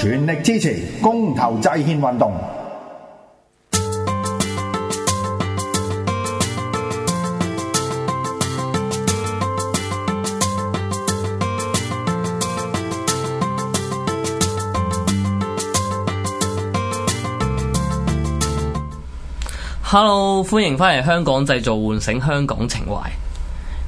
全力支持公投制憲運動。Hello，歡迎返嚟香港製造，喚醒香港情懷。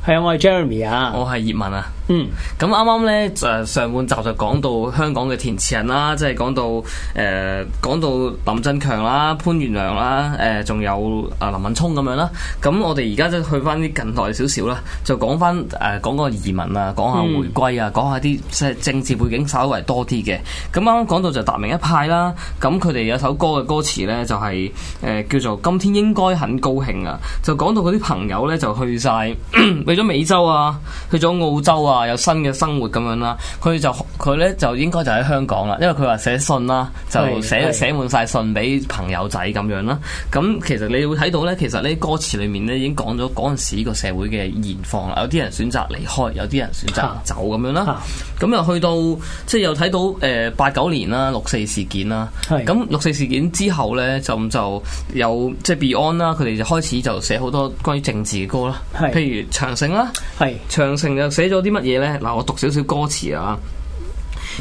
係啊， 我係 Jeremy 啊， 我係葉問啊。嗯，咁啱啱咧，就上半集就講到香港嘅填詞人啦，即係講到誒講、呃、到林振強啦、潘源良啦、誒、呃、仲有啊林敏驄咁樣啦。咁我哋而家即係去翻啲近代少少啦，就講翻誒講個移民啊，講下回歸啊，講下啲即係政治背景稍微多啲嘅。咁啱啱講到就達明一派啦，咁佢哋有首歌嘅歌詞咧，就係、是、誒、呃、叫做《今天應該很高興》啊，就講到佢啲朋友咧就去晒， 去咗美洲啊，去咗澳洲啊。有新嘅生活咁樣啦，佢就佢咧就應該就喺香港啦，因為佢話寫信啦，就寫寫滿晒信俾朋友仔咁樣啦。咁其實你會睇到咧，其實呢歌詞裏面咧已經講咗陣時呢個社會嘅現況啦。有啲人選擇離開，有啲人選擇走咁樣啦。咁又去到即係又睇到誒八九年啦，六四事件啦。咁六四事件之後咧，就就有即係 Beyond 啦，佢哋就開始就寫好多關於政治嘅歌啦。譬如長城是是《長城》啦，係《長城》又寫咗啲乜？嘢咧嗱，我讀少少，少歌詞啊，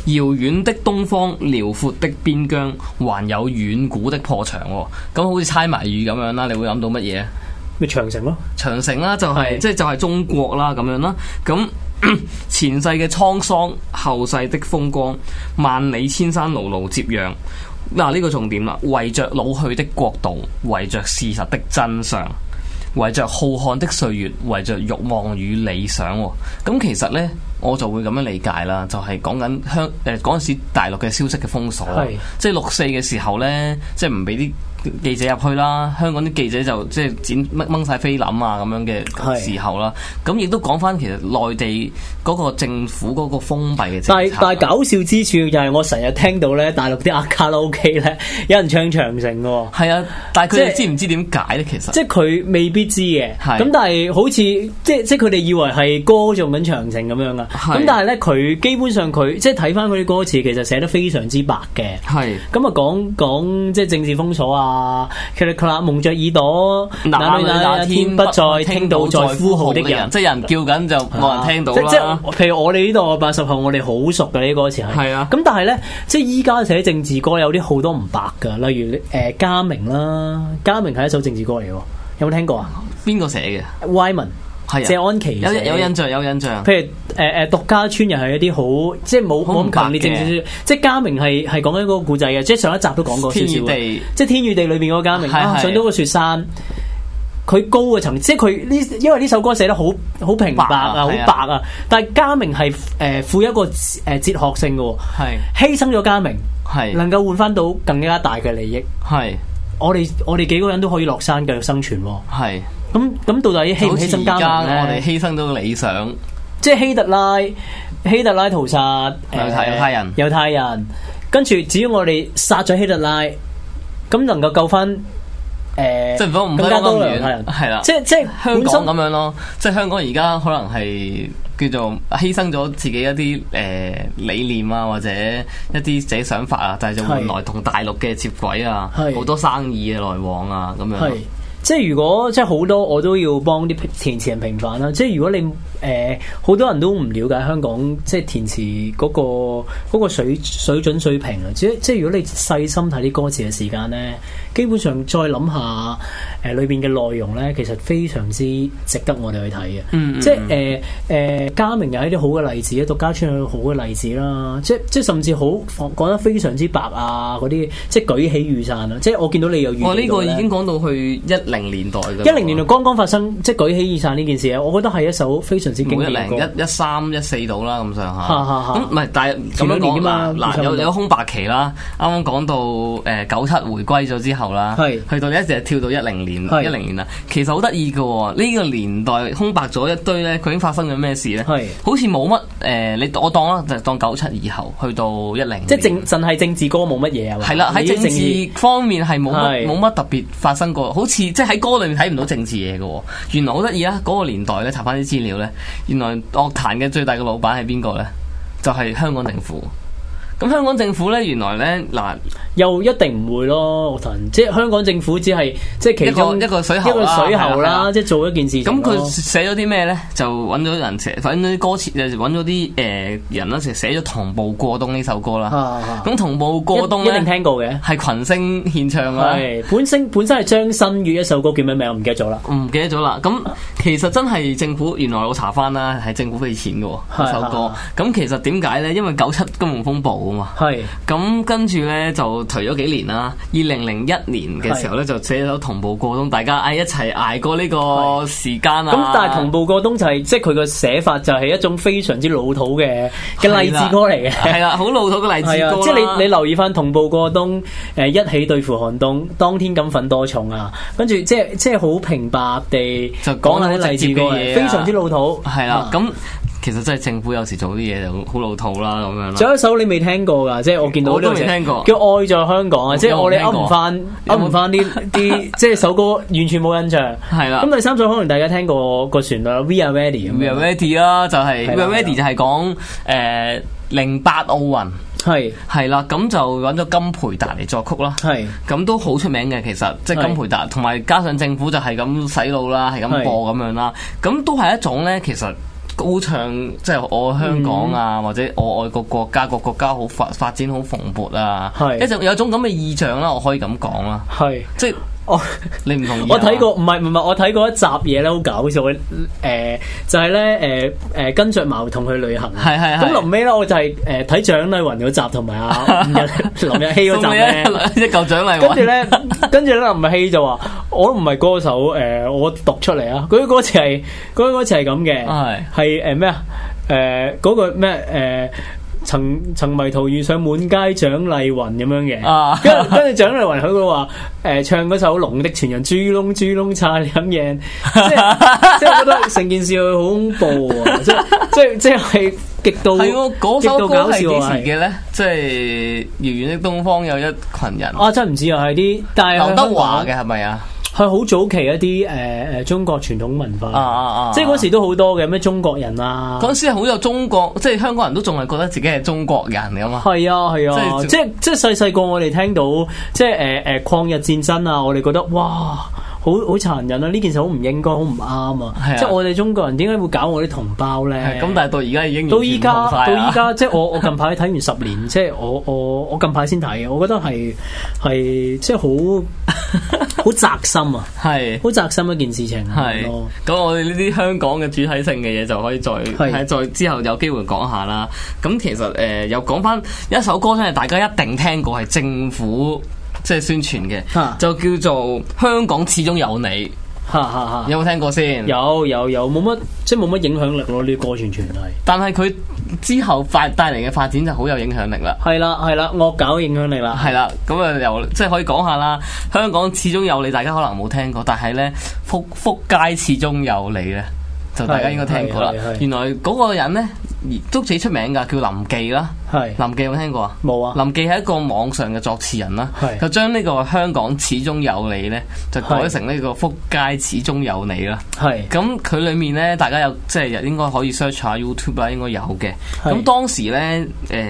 遙遠的東方，遼闊的邊疆，還有遠古的破牆，哦，咁、嗯、好似猜謎語咁樣啦，你會諗到乜嘢？咩長城咯？長城啦，就是，的就係即係就係中國啦，咁樣啦。咁前世嘅滄桑，後世的風光，萬里千山，牢牢接壤。嗱，啊，呢，這個重點啦，圍着老去的國度，圍着事實的真相。為着浩瀚的歲月，為着欲望與理想、哦，咁、嗯、其實呢，我就會咁樣理解啦，就係、是、講緊香誒嗰陣時大陸嘅消息嘅封鎖，是即係六四嘅時候呢，即係唔俾啲。記者入去啦，香港啲記者就即係剪掹晒菲林啊咁樣嘅時候啦，咁亦都講翻其實內地嗰個政府嗰個封閉嘅。但係但係搞笑之處就係我成日聽到咧，大陸啲阿卡拉 O K 咧，有人唱長城喎。係啊，但係佢即知唔知點解咧？其實即係佢未必知嘅，咁是但係好似即係佢哋以為係歌頌緊長城咁樣啊。咁是但係呢，佢基本上佢即係睇翻佢啲歌詞，其實寫得非常之白嘅。係咁是啊，講講即係政治封鎖啊。啊！其實佢話蒙著耳朵，哪哪天不再聽到在呼號的人，即係人叫緊就冇人聽到、啊、即係譬如我哋呢度八十後，我哋好熟嘅呢、這個歌詞係。係啊。咁但係咧，即係依家寫政治歌有啲好多唔白噶，例如誒嘉、呃、明啦，嘉明係一首政治歌嚟，有冇聽過啊？邊個寫嘅？Wyman。Wy 係謝安琪，有印象，有印象。譬如誒誒，獨家村又係一啲好即係冇冇明啲政治，即係家明係係講緊嗰個故仔嘅，即係上一集都講過少少嘅。即係天與地裏面嗰個家明上到個雪山，佢高嘅層，即係佢呢？因為呢首歌寫得好好平白啊，好白啊。但係家明係誒負一個誒哲學性嘅，係犧牲咗家明，係能夠換翻到更加大嘅利益。係我哋我哋幾個人都可以落山繼續生存。係。咁咁到底犧牲家門，而家我哋犧牲咗理想，即係希特拉希特拉屠殺猶太人、猶太人。跟住只要我哋殺咗希特拉，咁能夠救翻誒？即係唔好唔好咁遠，係啦。即係即係，本身咁樣咯。即係香港而家可能係叫做犧牲咗自己一啲誒理念啊，或者一啲自己想法啊，但係就換來同大陸嘅接軌啊，好多生意嘅來往啊，咁樣。即係如果即係好多我都要幫啲填詞人平反啦，即係如果你誒好、呃、多人都唔了解香港即係填詞嗰、嗰個嗰個水水準水平啦，只即係如果你細心睇啲歌詞嘅時間咧。基本上再諗下誒，裏邊嘅內容咧，其實非常之值得我哋去睇嘅。嗯、mm，即係誒誒，嘉明有一啲好嘅例子，獨家村有好嘅例子啦。即係即係甚至好講得非常之白啊！嗰啲即係舉起雨傘啊！即係我見到你有雨傘我呢個已經講到去一零年代嘅，一零年代剛剛發生，即係舉起雨傘呢件事啊！我覺得係一首非常之勁嘅歌。一一三一四到啦咁上下，咁唔係，但係咁樣講啦，嗱，有有空白期啦。啱啱講到誒九七回歸咗之後。後啦，係去到一直跳到一零年，一零年啦。其實好得意嘅喎，呢個年代空白咗一堆呢，究竟發生咗咩事呢？係好似冇乜誒，你、呃、我當啦，就當九七以後去到一零年。即係政，淨係政治歌冇乜嘢啊？係啦，喺政治方面係冇乜冇乜特別發生過，好似即係喺歌裏面睇唔到政治嘢嘅喎。原來好得意啊！嗰個年代呢，查翻啲資料呢。原來樂壇嘅最大嘅老闆係邊個呢？就係香港政府。咁香港政府咧，原來咧嗱，又一定唔會咯，即係香港政府只係即係其中一個一個水喉啦、啊，即係做一件事、啊。咁佢寫咗啲咩咧？就揾咗人寫，揾咗啲歌詞，又揾咗啲誒人啦，就寫咗《同步過冬》呢首歌啦。咁《同步過冬》一定聽過嘅，係群星獻唱嘅、啊啊。本身本身係張新宇一首歌，叫咩名？我唔記得咗啦。唔記得咗啦。咁其實真係政府，原來我查翻啦，係政府俾錢嘅嗰首歌。咁其實點解咧？因為九七金融風暴。係，咁跟住咧就退咗幾年啦。二零零一年嘅時候咧就寫咗《同步過冬》的，大家哎一齊捱過呢個時間啊。咁但係《同步過冬、就是》就係，即係佢個寫法就係一種非常之老土嘅嘅勵志歌嚟嘅。係啦，好老土嘅勵志歌、啊。即係你你留意翻《同步過冬》，誒一起對付寒冬，當天敢粉多重啊？跟住即係即係好平白地就講下啲勵志嘅嘢，啊、非常之老土。係啦，咁。嗯其實真係政府有時做啲嘢就好老套啦，咁樣啦。仲有一首你未聽過噶，即係我見到我都未聽過叫《愛在香港》啊，即係我哋勾唔翻唔翻啲啲，即係首歌完全冇印象，係啦。咁第三首可能大家聽過個旋律《We Are Ready》，《We Are Ready》啦，就係《We Are Ready》就係講誒零八奧運，係係啦，咁就揾咗金培達嚟作曲啦，係咁都好出名嘅。其實即係金培達，同埋加上政府就係咁洗腦啦，係咁播咁樣啦，咁都係一種咧，其實。高唱即係我愛香港啊，或者我外國國家個國，國家好發發展好蓬勃啊，是一種有種咁嘅意象啦，我可以咁講啦，係是即係。我 你唔同意 我？我睇過唔係唔係，我睇過一集嘢咧，好搞笑。誒、呃，就係、是、咧，誒、呃、誒，跟住矛盾去旅行。係係係。咁臨尾咧，我就係誒睇蔣麗芸嗰集，同埋阿林日曦嗰集咧一嚿蔣麗。跟住咧，跟住咧林日曦就話我唔係歌手，誒、呃，我讀出嚟啦。啲歌詞係，啲歌詞係咁嘅，係係誒咩啊？誒、呃、嗰、呃那個咩誒？曾曾迷途遇上滿街蔣麗云咁樣嘅，跟跟住蔣麗云佢會話，誒、呃、唱嗰首《龍的傳人》，豬窿豬窿茶飲嘢，即係即係覺得成件事好恐怖啊！即係即係即係極度搞笑，嗰首歌係幾時嘅咧？即係遙遠的東方有一群人，我真唔知又係啲，但係劉德華嘅係咪啊？佢好早期一啲誒誒中國傳統文化，啊啊啊啊即係嗰時都好多嘅咩中國人啊！嗰時好有中國，即係香港人都仲係覺得自己係中國人咁嘛！係啊係啊，即係是即係細細個我哋聽到即係誒誒抗日戰爭啊，我哋覺得哇！好好殘忍啊！呢件事好唔應該，好唔啱啊！即係我哋中國人點解會搞我啲同胞呢？咁但係到而家已經到依家，到依家即係我我近排睇完十年，即係我我我近排先睇嘅，我覺得係係即係好好扎心啊！係好扎心一件事情。係咁，我哋呢啲香港嘅主體性嘅嘢就可以再係再之後有機會講下啦。咁其實誒又講翻一首歌，真係大家一定聽過係政府。即係宣傳嘅，哈就叫做香港始終有你。有冇聽過先？有有有，冇乜即係冇乜影響力咯。呢歌完全係。但係佢之後帶帶嚟嘅發展就好有影響力啦。係啦係啦，惡搞影響力啦。係啦，咁啊又即係可以講下啦。香港始終有你，大家可能冇聽過，但係呢，《福福佳始終有你》呢，就大家應該聽過啦。原來嗰個人呢。都幾出名噶叫林忌啦。係是林忌有冇聽過啊？冇啊。林忌係一個網上嘅作詞人啦。係是就將呢個香港始終有你咧，就改成呢、這個《福佳始終有你》啦。係咁是，佢裏面咧，大家有即係應該可以 search 下 YouTube 啦，應該有嘅。咁是當時咧，誒、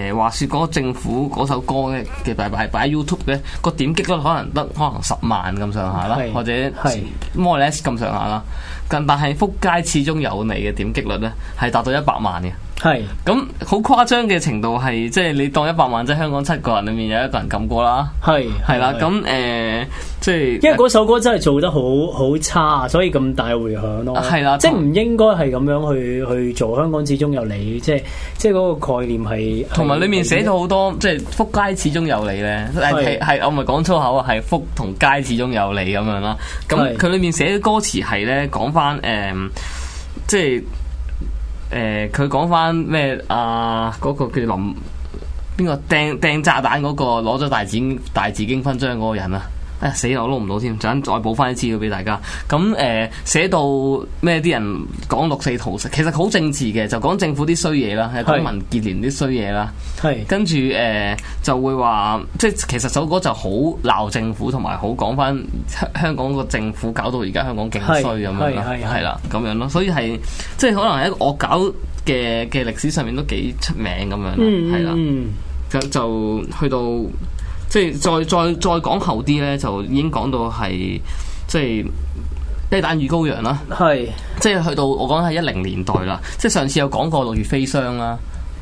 呃，話說嗰個政府嗰首歌咧嘅大白係擺喺 YouTube 嘅個點擊率可能得可能十萬咁上下啦，是或者 more 咁上下啦。但但係《福佳始終有你》嘅點擊率咧係達到一百萬嘅。係咁好誇張嘅程度係，即係你當一百萬，即係香港七個人裏面有一個人咁過啦。係係啦，咁 誒樂，即係、呃、因為嗰首歌真係做得好好差，所以咁大回響咯。係啦，即係唔應該係咁樣去去做。香港始終有你，即係即係嗰個概念係。同埋裏面寫咗好多，即係福佳始終有你咧。係係，我唔係講粗口啊，係福同佳始終有你咁樣啦。咁佢裏面寫嘅歌詞係咧，講翻誒，即係。誒佢講翻咩啊？嗰個叫林邊個掟掟炸彈嗰個，攞咗大紫大紫荊勳章嗰個人啊！誒、哎、死啦！我攞唔到添，陣間再補翻一次佢俾大家。咁、嗯、誒寫到咩？啲人講六四屠殺，其實好政治嘅，就講政府啲衰嘢啦，係講是 民建聯啲衰嘢啦。係是 跟住誒、呃、就會話，即係其實首歌就好鬧政府，同埋好講翻香港個政府搞到而家香港勁衰咁樣啦，係啦咁樣咯。所以係即係可能喺惡搞嘅嘅歷史上面都幾出名咁樣啦，係啦。就去到。即係再再再講後啲呢，就已經講到係即係雞蛋與羔羊啦。係是即係去到我講係一零年代啦。即係上次有講過《六月飛霜》啦，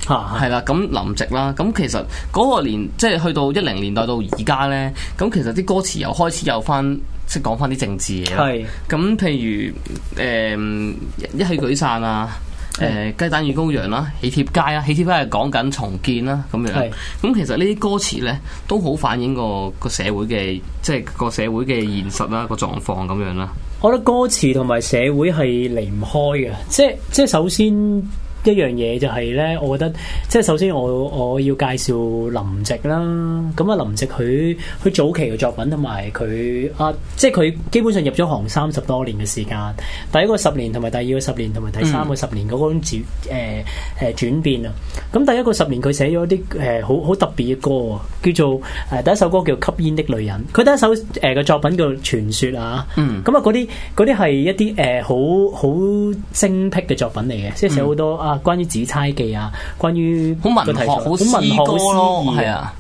係啦是。咁林夕啦，咁其實嗰個年即係去到一零年代到而家呢，咁其實啲歌詞又開始有翻即係講翻啲政治嘢啦。係咁是，譬如誒、呃、一起舉傘啊。誒，雞蛋與羔羊啦，喜帖街啊，喜帖街係講緊重建啦咁樣。咁係其實呢啲歌詞呢，都好反映個個社會嘅，即係個社會嘅現實啦，個狀況咁樣啦。我覺得歌詞同埋社會係離唔開嘅，即即首先。一樣嘢就係咧，我覺得即係首先我我要介紹林夕啦。咁啊，林夕佢佢早期嘅作品同埋佢啊，即係佢基本上入咗行三十多年嘅時間。第一個十年同埋第二個十年同埋第三個十年嗰種、呃、轉誒誒轉變啊。咁第一個十年佢寫咗啲誒好好特別嘅歌啊，叫做誒第一首歌叫《吸煙的女人》。佢第一首誒嘅作品叫《傳說》啊。嗯。咁啊，嗰啲嗰啲係一啲誒好好精闢嘅作品嚟嘅，即係寫好多。啊！關於紫釵記啊，關於好文學、文學好詩歌咯，係啊。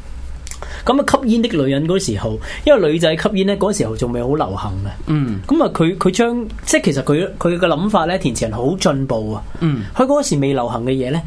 咁啊，樣吸煙的女人嗰時候，因為女仔吸煙咧，嗰時候仲未好流行嘅。嗯。咁啊，佢佢將即係其實佢佢嘅諗法咧，填詞人好進步啊。嗯。喺嗰時未流行嘅嘢咧，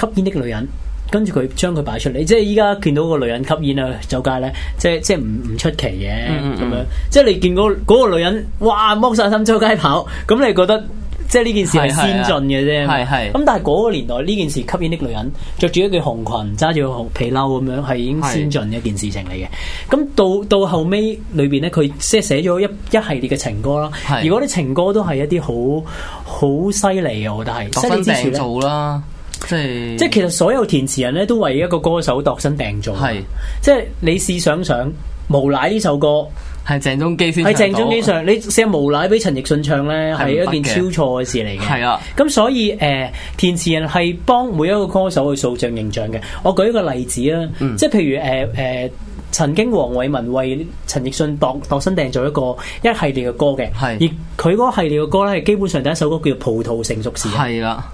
吸煙的女人，跟住佢將佢擺出嚟，即係依家見到個女人吸煙啊，走街咧，即係即係唔唔出奇嘅咁、嗯嗯、樣。即係你見到嗰個女人，哇，剝晒衫，周街跑，咁你覺得？即係呢件事係先進嘅啫，咁是但係嗰個年代呢是件事吸引啲女人着住一件紅裙，揸住個紅皮褸咁樣，係已經先進嘅一件事情嚟嘅。咁是是 到到後尾裏邊咧，佢即係寫咗一一系列嘅情歌啦。如果啲情歌都係一啲好好犀利嘅，我覺得係。度身訂造啦，即係、就是、即係其實所有填詞人咧都為一個歌手度身訂造。係，是是 即係你試想，想想，無賴呢首歌。係鄭中基先係鄭中基唱，你寫無賴俾陳奕迅唱咧，係一件超錯嘅事嚟嘅。係啦的，咁所以誒、呃，填詞人係幫每一個歌手去塑造形象嘅。我舉一個例子啦，嗯、即係譬如誒誒、呃呃，曾經黃偉文為陳奕迅度度，度身訂做一個一系列嘅歌嘅，的而佢嗰系列嘅歌咧，係基本上第一首歌叫《葡萄成熟時》的。係啦。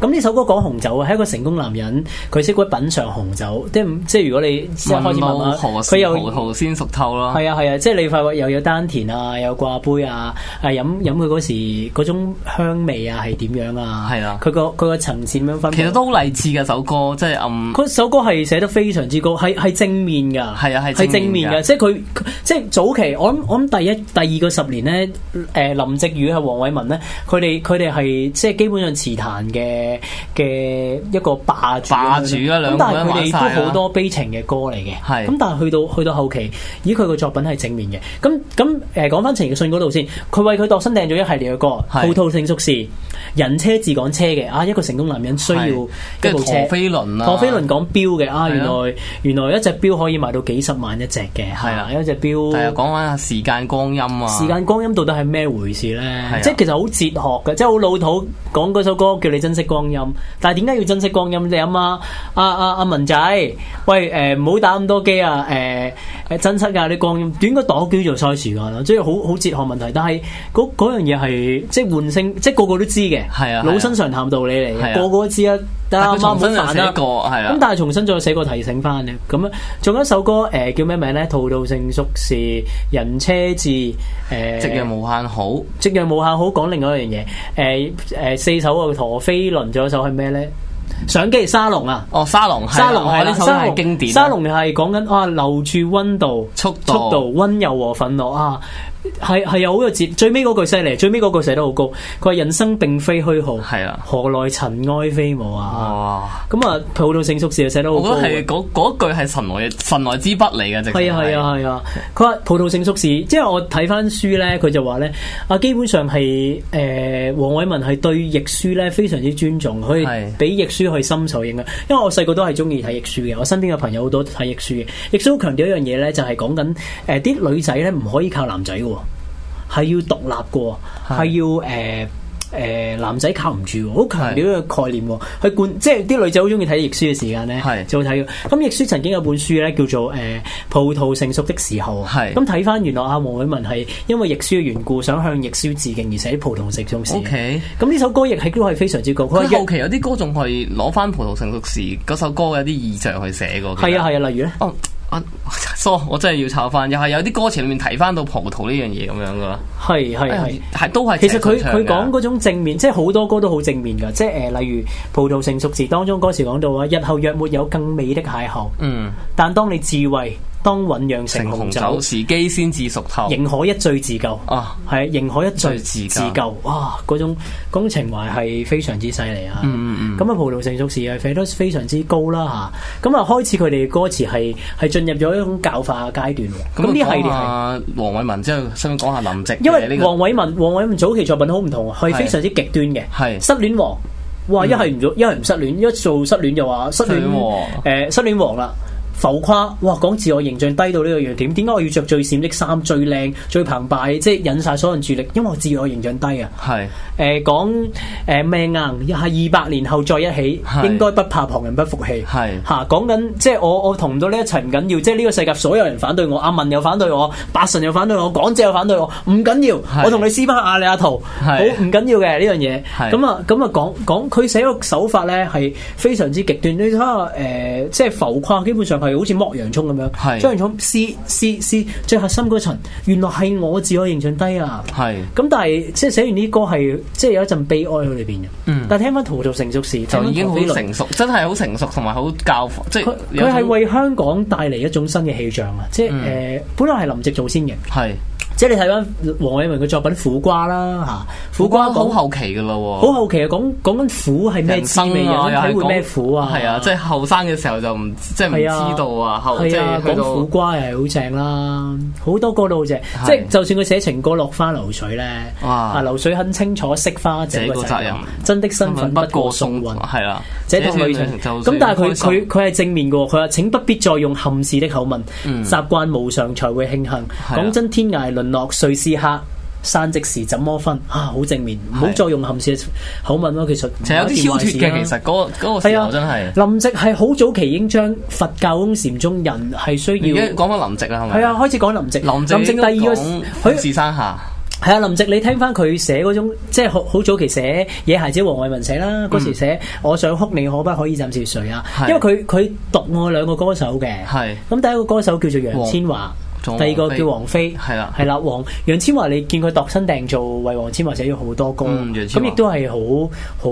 咁呢首歌講紅酒啊，係一個成功男人，佢識得品嘗紅酒，即係即係如果你慢慢慢慢，佢又熟透咯，係啊係啊，啊，即係你發覺又有丹田啊，有掛杯啊，係飲飲佢嗰時嗰種香味啊，係點樣啊？係啊，佢個佢個層次點分？其實都好勵志嘅首歌，即係暗嗰首歌係寫得非常之高，係係正面噶，係啊係係正面嘅，即係佢即係早期，我諗我諗第一第二個十年咧，誒林夕與係黃偉文咧，佢哋佢哋係即係基本上詞壇嘅。嘅一個霸主霸主啊，但係佢哋都好多悲情嘅歌嚟嘅。咁，但係去到去到後期，咦？佢嘅作品係正面嘅。咁咁，誒，講翻陳奕迅嗰度先，佢為佢度身訂咗一系列嘅歌，《套套性宿士》、《人車自講車》嘅。啊，一個成功男人需要一部車。陀飛輪啊，陀飛輪講表嘅。啊，原來原來一隻表可以賣到幾十萬一隻嘅。係啦，一隻表。係啊，講下時間光陰啊。時間光陰到底係咩回事呢？即係其實好哲學嘅，即係好老土。講嗰首歌叫你珍惜。珍惜光陰，但係點解要珍惜光陰啫、啊？啊，阿阿阿文仔，喂，誒、呃，唔好打咁多機啊，誒、呃，珍惜噶啲光陰，短個檔叫做嘥時間咯，即係好好哲學問題。但係嗰嗰樣嘢係即係喚醒，即係個個都知嘅，啊啊、老生常談道理嚟，啊、個個都知啊。但係冇得重新寫過，係啊。咁但係重新再寫個，個提醒翻嘅。咁仲有一首歌，誒、呃、叫咩名咧？《葡萄成熟時》，人車誌，誒、呃，夕陽無限好，夕陽無限好，講另外一樣嘢。誒、呃、誒，四首個陀飛輪，仲有一首係咩咧？相機沙龍啊，哦，沙龍，沙龍係，沙龍經典，沙龍係講緊啊留住溫度、速度、溫柔和憤怒啊。係係又好有字，最尾嗰句犀利，最尾嗰句寫得好高。佢話人生並非虛耗，係啊，何來塵埃飛舞啊？咁啊，葡萄成熟時寫得好。我覺係嗰句係神來神來之筆嚟嘅，係啊係啊係啊！佢話葡萄成熟時，即係我睇翻書咧，佢就話咧啊，基本上係誒，黃偉文係對亦舒咧非常之尊重，可以俾亦舒去深受影響。因為我細個都係中意睇亦舒嘅，我身邊嘅朋友好多睇亦舒嘅。亦舒好強調一樣嘢咧，就係講緊誒啲女仔咧唔可以靠男仔嘅。係要獨立過，係要誒誒、呃呃、男仔靠唔住，好強調嘅概念。佢是貫即係啲女仔好中意睇亦舒嘅時間咧，就睇是。咁亦、嗯、舒曾經有本書咧叫做《誒、呃、葡萄成熟的時候》是，咁睇翻原來阿黃偉文係因為亦舒嘅緣故，想向亦舒致敬，而寫葡《okay, 嗯、葡萄成熟時》。O K。咁呢首歌亦係都係非常之高。佢後期有啲歌仲係攞翻《葡萄成熟時》嗰首歌有啲意象去寫嘅。係啊係啊，例如咧。啊啊啊啊啊，so, 我真係要抄翻，又係有啲歌詞裏面提翻到葡萄呢樣嘢咁樣噶啦，係係係，係、哎、都係。其實佢佢講嗰種正面，即係好多歌都好正面噶，即係誒、呃，例如《葡萄成熟時》當中歌詞講到啊，日後若沒有更美的邂逅，嗯，但當你智慧。當醞釀成紅酒，時機先至熟透。寧可一醉自救啊！係寧可一醉自救，哇！嗰種種情懷係非常之犀利啊！嗯嗯嗯。咁啊，葡萄成熟時嘅非常之高啦吓。咁啊，開始佢哋嘅歌詞係係進入咗一種教化嘅階段咁呢系列係。黃偉文之後想講下林夕。因為黃偉文，黃偉文早期作品好唔同，係非常之極端嘅。係。失戀王，哇！一係唔做，一係唔失戀，一做失戀就話失戀。誒，失戀王啦。浮誇，哇！講自我形象低到呢個樣點？點解我要着最閃的衫、最靚、最澎湃，即係引晒所有人注意力？因為我自我形象低啊。係。誒講誒命硬？又係二百年後再一起，應該不怕旁人不服氣。係。嚇，講緊即係我我同唔到你一齊唔緊要，即係呢個世界所有人反對我，阿文又反對我，八神又反對我，港姐又反對我，唔緊要。係。我同你撕翻阿李阿圖。好唔緊要嘅呢樣嘢。係。咁啊咁啊講講，佢寫個手法咧係非常之極端。你睇下誒，即係浮誇，基本上好似剝洋葱咁樣，將是洋葱撕撕撕最核心嗰層，原來係我自我形象低啊！咁是但係即係寫完呢啲歌係即係有一陣悲哀喺裏邊嘅。嗯、但係聽翻《陶造成熟時》，就已經好成熟，露露真係好成熟同埋好教。即係佢係為香港帶嚟一種新嘅氣象啊！嗯、即係誒、呃，本來係林夕做先嘅。即係你睇翻黃偉文嘅作品《苦瓜》啦，吓《苦瓜》好後期噶咯，好後期嘅，講講緊苦係咩滋味啊？體會咩苦啊？係啊，即係後生嘅時候就唔即係唔知道啊。係啊，講苦瓜又係好正啦，好多歌都好正。即係就算佢寫情歌《落花流水》咧，哇！流水很清楚，惜花這個責任，真的身份不過送運係啦。這個咁，但係佢佢佢係正面嘅，佢話請不必再用憾事的口吻，習慣無常才會慶幸。講真，天涯淪。諾瑞士客，林夕時怎麼分啊？好正面，唔好再用含笑口吻咯。佢出，就有啲超脱嘅。其實嗰、啊那個嗰、那個真係、啊、林夕係好早期已經將佛教嗰禪宗人係需要。而家講翻林夕啦，係咪？係啊，開始講林夕。林夕直第二個，許志山下係啊。林夕你聽翻佢寫嗰種，即係好好早期寫《野孩子和》，黃偉文寫啦。嗰時寫我想哭，你可不可以暫時睡啊？是因為佢佢讀我兩個歌手嘅，係咁是第一個歌手叫做楊千嬅。嗯第二個叫王菲，係啦係啦，王楊千嬅，你見佢度身訂做，為王千嬅寫咗好多歌。咁亦都係好好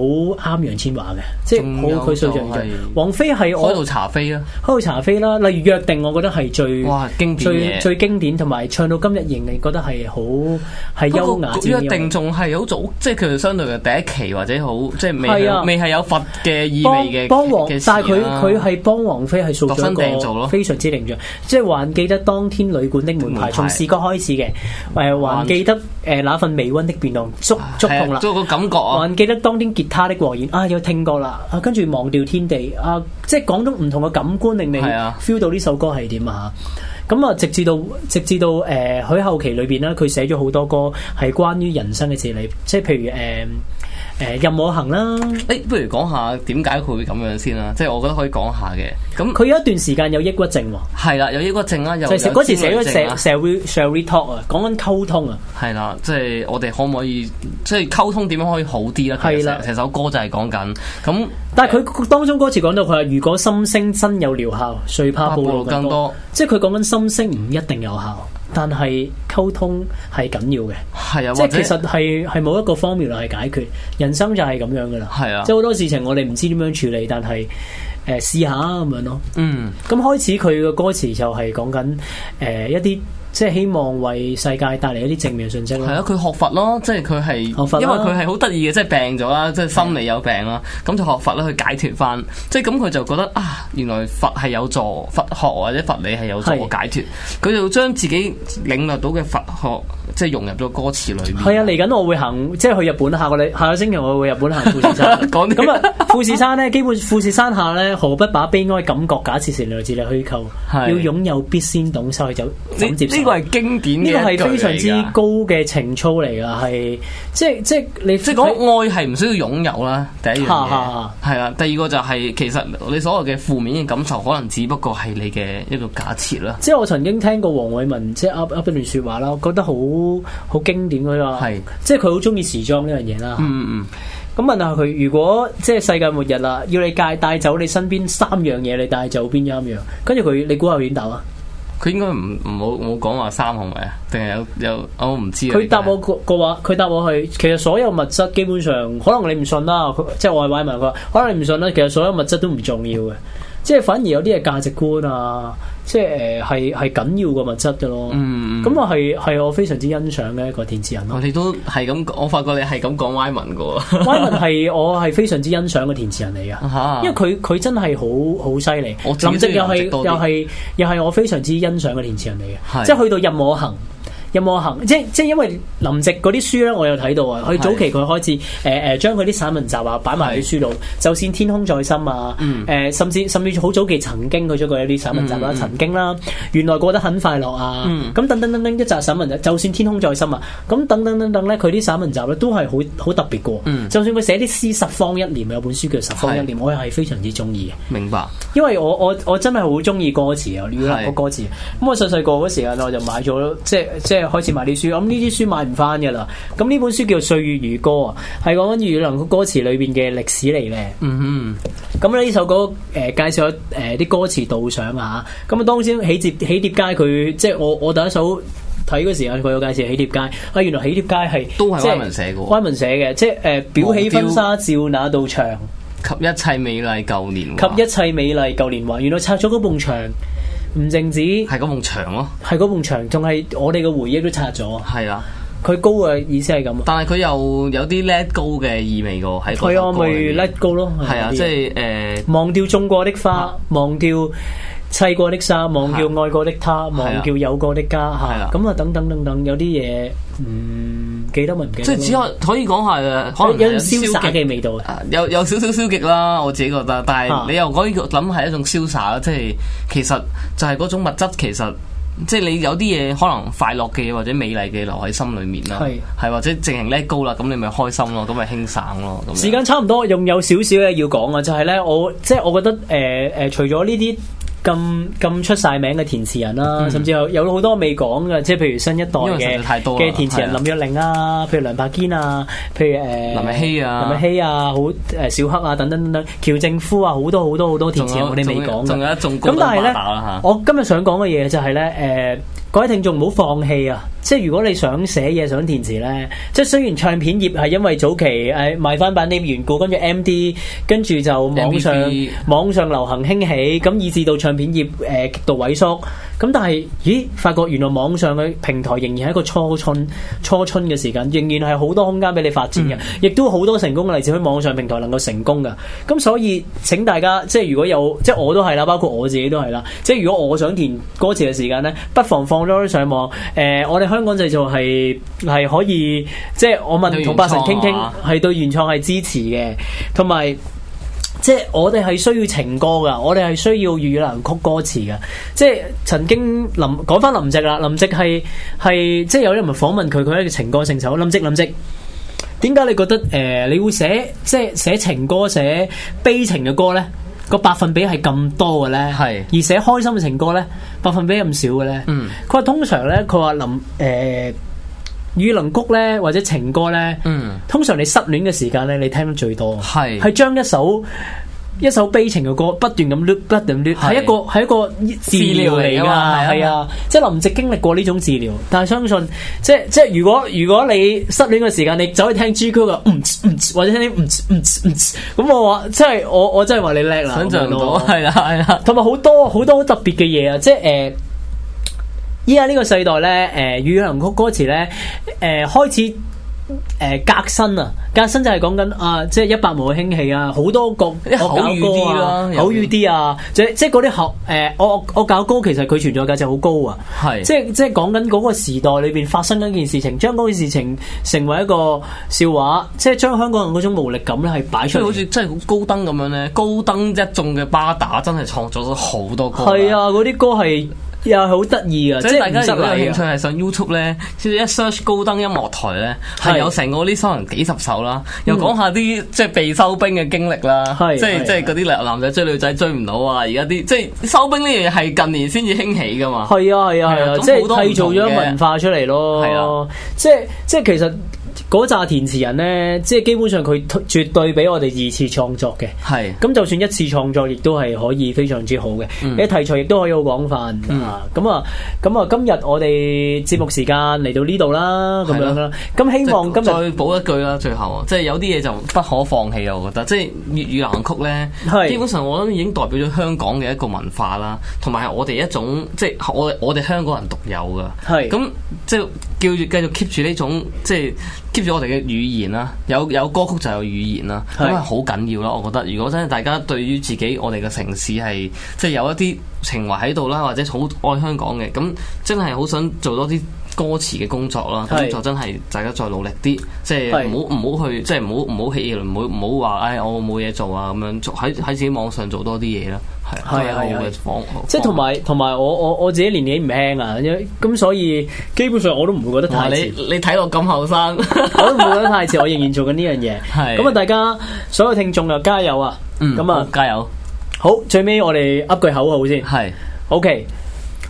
啱楊千嬅嘅，即係好佢所最最。王菲係我度茶飛啦，我度茶飛啦。例如《約定》，我覺得係最經典嘅，最經典同埋唱到今日仍然覺得係好係優雅。《約定》仲係好早，即係佢哋相對嘅第一期或者好，即係未未係有佛嘅意味嘅。幫王，但係佢佢係幫王菲係度身訂造咯，非常之靈著。即係還記得當天女。館的門牌，從視覺開始嘅，誒，還記得誒那份微溫的變動，觸觸碰啦，個、啊、感覺啊，還記得當天吉他的和弦，啊，有聽過啦，啊，跟住忘掉天地，啊，即係講到唔同嘅感官，令你 feel 到呢首歌係點啊，咁啊，直至到直至到誒，喺、呃、後期裏邊呢，佢寫咗好多歌係關於人生嘅哲理，即係譬如誒。呃誒，任我行啦！誒、欸，不如講下點解佢會咁樣先啦？即係我覺得可以講下嘅。咁佢有一段時間有抑鬱症喎、啊。係啦，有抑鬱症啦、啊，有。即係嗰時寫咗《Shall We Talk》啊，講緊溝通啊。係啦，即係我哋可唔可以，即係溝通點樣可以好啲咧？係啦，成的首歌就係講緊咁。但係佢當中歌詞講到佢話如果心聲真有療效，誰怕暴露更多。即係佢講緊心聲唔一定有效。但係溝通係緊要嘅，啊、即係其實係係冇一個方面嚟，去解決人生就係咁樣噶啦。係啊，即係好多事情我哋唔知點樣處理，但係誒試下咁樣咯。嗯，咁開始佢嘅歌詞就係講緊誒一啲。即係希望為世界帶嚟一啲正面嘅訊息咯。係啊，佢學佛咯，即係佢係因為佢係好得意嘅，即係病咗啦，即係心理有病啦，咁是的 就學佛啦，去解脫翻。即係咁，佢就覺得啊，原來佛係有助佛學或者佛理係有助解脫。佢是的 就將自己領略到嘅佛學即係融入咗歌詞裏面。係啊，嚟緊我會行，即係去日本下個禮下個星期我會去日本行富士山。講啲咁啊，富士山咧，基本富士山下咧，何不把悲哀感覺假設成來自你虛構。要，要擁有必先懂，所以就接都個係經典嘅一段呢個係非常之高嘅情操嚟噶，係即係即係你即係講愛係唔需要擁有啦，第一樣嘢係啦。第二個就係、是、其實你所謂嘅負面嘅感受，可能只不過係你嘅一個假設啦。即係我曾經聽過黃偉文，即係噏噏一段說話啦，覺得好好經典嗰個係。是即係佢好中意時裝呢樣嘢啦。嗯嗯。咁問下佢，如果即係世界末日啦，要你帶帶走你身邊三樣嘢，你帶走邊啱樣？跟住佢，你估下點答啊？佢應該唔唔冇冇講話三，係咪啊？定係有有我唔知啊。佢答我個個話，佢答我係其實所有物質基本上可能你唔信啦，即係外圍問佢，可能你唔信啦，其實所有物質都唔重要嘅。即係反而有啲嘢價值觀啊，即係誒係係緊要嘅物質嘅咯。嗯，咁我係係我非常之欣賞嘅一個填詞人咯、啊。你都係咁，我發覺你係咁講 Wyman 嘅喎。Wyman 係我係非常之欣賞嘅填詞人嚟嘅，因為佢佢真係好好犀利。我林夕又係又係又係我非常之欣賞嘅填詞人嚟嘅，是即係去到任我行。有冇行？即即因為林夕嗰啲書咧，我有睇到啊。佢早期佢開始誒誒、呃、將佢啲散文集啊擺埋喺書度，就算是天空再深啊，誒、嗯、甚至甚至好早期曾經佢出過一啲散文集啦，曾經啦、啊，嗯嗯原來過得很快樂啊。咁、嗯、等，等等等一集散文集，就算天空再深啊。咁等等等等咧，佢啲散文集咧都係好好特別個。嗯、就算佢寫啲詩十方一念，有本書叫《十方一念》是，我又係非常之中意嘅明白，因為我我我，我真係好中意歌詞啊，流行嘅歌詞。咁是我細細個嗰時間我就買咗即即。即即開始買啲書，咁呢啲書買唔翻噶啦。咁呢本書叫《歲月如歌》啊，係講雨林嘅歌詞裏邊嘅歷史嚟嘅。嗯嗯。咁咧呢首歌，誒介紹誒啲歌詞導賞啊。咁啊，當先喜帖街，佢即係我我，第一首睇嗰時候，佢有介紹喜帖街。啊，原來喜帖街係都係歪文寫嘅，歪文寫嘅。即係誒、呃，表起婚紗照那道牆，及一切美麗舊年，及一切美麗舊年華。原來拆咗嗰埲牆。唔淨止係嗰埲牆咯，係嗰埲牆，仲係我哋嘅回憶都拆咗。係啊的，佢高嘅意思係咁。但係佢又有啲 let go 嘅意味喺度，佢我咪 let go 咯。係啊，即係誒，呃、忘掉種過的花，啊、忘掉。砌過的沙，忘掉愛過的他，忘掉有過的家，吓咁啊，等等等等，有啲嘢唔記得咪唔記得。即係只可可以講下，可能有消極嘅味道，有有少少消極啦，我自己覺得。但係你又可以諗係一種瀟灑，即係其實就係嗰種物質，其實即係你有啲嘢可能快樂嘅或者美麗嘅留喺心裏面啦，係的或者淨係叻高啦，咁你咪開心咯，咁咪輕省咯。時間差唔多，仲有少少嘢要講啊，就係咧，我即係我覺得誒誒、呃，除咗呢啲。咁咁出晒名嘅填詞人啦，甚至又有好多未講嘅，即係譬如新一代嘅嘅填詞人林若寧啊，譬如梁柏堅啊，譬如誒、呃、林希啊，林希啊，好誒小黑啊，等等等等，喬正夫啊，好多好多好多填詞我哋未講嘅，仲有，有，有一眾功高八斗呢、啊、我今日想講嘅嘢就係、是、咧，誒各位聽眾唔好放棄啊！即係如果你想寫嘢想填詞咧，即係雖然唱片業係因為早期誒賣翻版啲緣故，跟住 M D，跟住就網上 M DP, 網上流行興起，咁以致到唱片業誒極度萎縮，咁但係咦？發覺原來網上嘅平台仍然係一個初春初春嘅時間，仍然係好多空間俾你發展嘅，亦都好多成功嘅例子喺網上平台能夠成功嘅。咁所以請大家即係如果有即係我都係啦，包括我自己都係啦。即係如果我想填歌詞嘅時間咧，不妨放咗上，上網誒、呃呃、我哋香港製造係係可以，即係我問同八神傾傾，係對原創係支持嘅，同埋即係我哋係需要情歌㗎，我哋係需要粵語流行曲歌詞㗎。即係曾經林講返林夕啦，林夕係係即係有人問訪問佢，佢一個情歌聖手，林夕林夕，點解你覺得誒、呃，你會寫即係寫情歌、寫悲情嘅歌咧？個百分比係咁多嘅咧，係是而寫開心嘅情歌咧？百分比咁少嘅咧，佢話、嗯，通常咧，佢話林誒、呃、雨林谷咧或者情歌咧，嗯，通常你失戀嘅時間咧，你聽得最多，係、係將一首。一首悲情嘅歌，不斷咁 lude 不斷 lude 係一個係一個治療嚟噶，係吧啊，即係林夕經歷過呢種治療。但係相信，即係即係如果如果你失戀嘅時間，你走去聽 GQ 嘅，唔唔或者聽啲唔唔唔咁，我話即係我我真係話你叻啦，想像到係啦係啦，同埋好多好多好特別嘅嘢啊，即係誒，依家呢個世代咧，誒、呃，流行曲歌詞咧，誒、呃，開始。誒，革新啊，革新就係講緊啊，即係一百毛嘅興起啊，好多個啲口語啲啦，口語啲啊，呃、即係即係嗰啲學誒，我我搞歌其實佢存在價值好高啊，係是，即係即係講緊嗰個時代裏邊發生嗰件事情，將嗰件事情成為一個笑話，即係將香港人嗰種無力感咧係擺出，即係好似真係高登咁樣咧，高登一眾嘅巴打真係創作咗好多歌，係啊，嗰啲、啊、歌係。又係好得意啊！即係大家如果有興趣，係上 YouTube 咧，即一 search 高登音樂台咧，係有成個呢首人幾十首啦。又講下啲即係被收兵嘅經歷啦，即係即係嗰啲男仔追女仔追唔到啊！而家啲即係收兵呢樣嘢係近年先至興起噶嘛。係啊係啊係啊！即係製造咗文化出嚟咯。係啊！即係即係其實。嗰紮填詞人呢？即係基本上佢絕對俾我哋二次創作嘅。係咁的，就算一次創作，亦都係可以非常之好嘅。啲、嗯、題材亦都可以好廣泛。咁啊、嗯，咁啊，今日我哋節目時間嚟到呢度啦，咁樣啦。咁希望今日再補一句啦，最後，即係有啲嘢就不可放棄啊！我覺得，即係粵語流行曲呢，是的 基本上我覺得已經代表咗香港嘅一個文化啦，同埋係我哋一種，即係我我哋香港人獨有㗎。係咁是的，即係。叫住繼續 keep 住呢種，即係 keep 住我哋嘅語言啦。有有歌曲就有語言啦，因為好緊要啦，我覺得。如果真係大家對於自己我哋嘅城市係，即係有一啲情懷喺度啦，或者好愛香港嘅，咁真係好想做多啲。歌詞嘅工作啦，工作真係大家再努力啲，即係唔好唔好去，即係唔好唔好氣唔好唔好話，唉，我冇嘢做啊咁樣，喺喺自己網上做多啲嘢啦。係啊，即係同埋同埋我我我自己年紀唔輕啊，咁所以基本上我都唔會覺得太遲。你睇我咁後生，我都唔會覺得太遲，我仍然做緊呢樣嘢。係咁啊，大家所有聽眾啊，加油啊！咁啊，加油！好，最尾我哋噏句口號先。係，OK。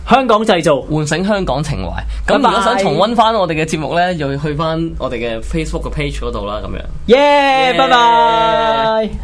香港製造，喚醒香港情懷。咁 bye 如果想重温翻我哋嘅節目呢，又要去翻我哋嘅 Facebook 嘅 page 嗰度啦，咁樣。耶，拜拜。